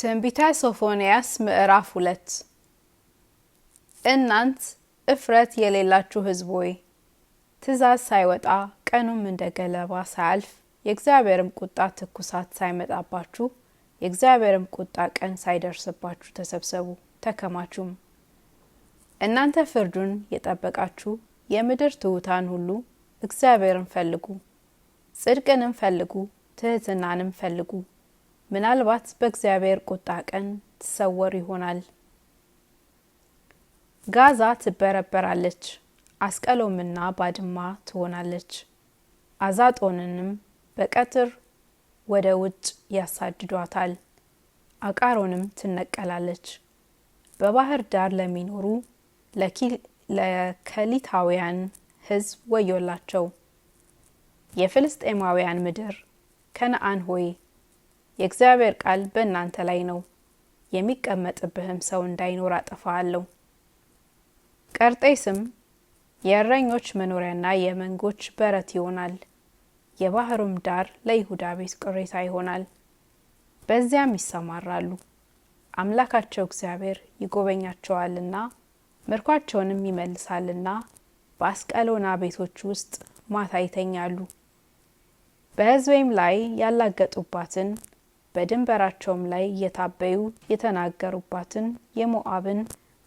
ትንቢተ ሶፎንያስ ምዕራፍ ሁለት እናንት እፍረት የሌላችሁ ሕዝብ ሆይ ትእዛዝ ሳይወጣ ቀኑም እንደ ገለባ ሳያልፍ የእግዚአብሔርም ቁጣ ትኩሳት ሳይመጣባችሁ የእግዚአብሔርም ቁጣ ቀን ሳይደርስባችሁ ተሰብሰቡ ተከማችሁም እናንተ ፍርዱን የጠበቃችሁ የምድር ትሑታን ሁሉ እግዚአብሔርን ፈልጉ፣ ጽድቅንም ፈልጉ፣ ትሕትናንም ፈልጉ ምናልባት በእግዚአብሔር ቁጣ ቀን ትሰወር ይሆናል። ጋዛ ትበረበራለች፣ አስቀሎምና ባድማ ትሆናለች። አዛጦንንም በቀትር ወደ ውጭ ያሳድዷታል። አቃሮንም ትነቀላለች። በባህር ዳር ለሚኖሩ ለከሊታውያን ሕዝብ ወዮላቸው። የፍልስጤማውያን ምድር ከነአን ሆይ የእግዚአብሔር ቃል በእናንተ ላይ ነው፣ የሚቀመጥብህም ሰው እንዳይኖር ቀርጤ ቀርጤስም የእረኞች መኖሪያና የመንጎች በረት ይሆናል። የባህሩም ዳር ለይሁዳ ቤት ቅሬታ ይሆናል። በዚያም ይሰማራሉ፣ አምላካቸው እግዚአብሔር ይጎበኛቸዋልና ምርኳቸውንም ይመልሳልና በአስቀሎና ቤቶች ውስጥ ማታ ይተኛሉ። በሕዝቤም ላይ ያላገጡባትን በድንበራቸውም ላይ እየታበዩ የተናገሩባትን የሞአብን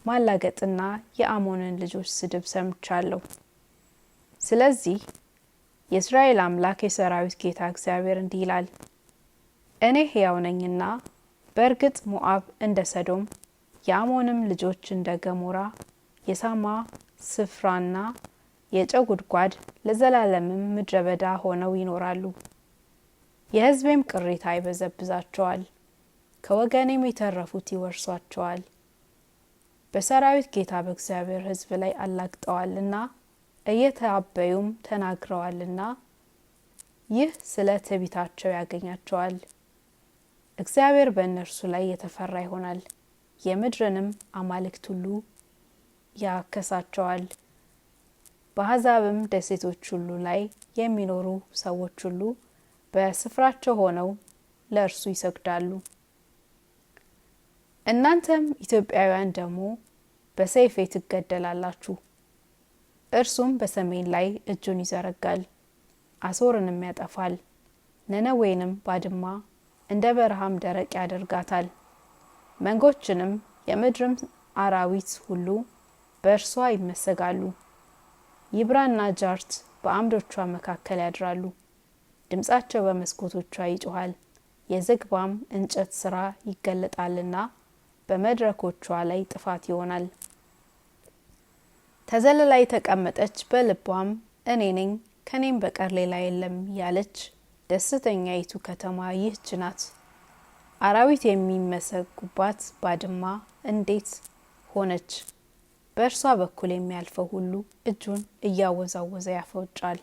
ማላገጥና የአሞንን ልጆች ስድብ ሰምቻለሁ። ስለዚህ የእስራኤል አምላክ የሰራዊት ጌታ እግዚአብሔር እንዲህ ይላል፣ እኔ ሕያው ነኝና በእርግጥ ሞአብ እንደ ሰዶም፣ የአሞንም ልጆች እንደ ገሞራ የሳማ ስፍራና የጨው ጉድጓድ ለዘላለምም ምድረ በዳ ሆነው ይኖራሉ። የህዝቤም ቅሬታ ይበዘብዛቸዋል፣ ከወገኔም የተረፉት ይወርሷቸዋል። በሰራዊት ጌታ በእግዚአብሔር ህዝብ ላይ አላግጠዋልና እየተአበዩም ተናግረዋልና ይህ ስለ ትዕቢታቸው ያገኛቸዋል። እግዚአብሔር በእነርሱ ላይ የተፈራ ይሆናል፣ የምድርንም አማልክት ሁሉ ያከሳቸዋል። በአሕዛብም ደሴቶች ሁሉ ላይ የሚኖሩ ሰዎች ሁሉ በስፍራቸው ሆነው ለእርሱ ይሰግዳሉ። እናንተም ኢትዮጵያውያን ደግሞ በሰይፌ ትገደላላችሁ። እርሱም በሰሜን ላይ እጁን ይዘረጋል፣ አሶርንም ያጠፋል፣ ነነዌንም ባድማ እንደ በረሃም ደረቅ ያደርጋታል። መንጎችንም የምድርም አራዊት ሁሉ በእርሷ ይመሰጋሉ። ይብራና ጃርት በአምዶቿ መካከል ያድራሉ። ድምፃቸው በመስኮቶቿ ይጮኋል፣ የዝግባም እንጨት ስራ ይገለጣልና በመድረኮቿ ላይ ጥፋት ይሆናል። ተዘልላ የተቀመጠች በልቧም እኔ ነኝ ከኔም በቀር ሌላ የለም ያለች ደስተኛይቱ ከተማ ይህች ናት። አራዊት የሚመሰጉባት ባድማ እንዴት ሆነች! በእርሷ በኩል የሚያልፈው ሁሉ እጁን እያወዛወዘ ያፈውጫል።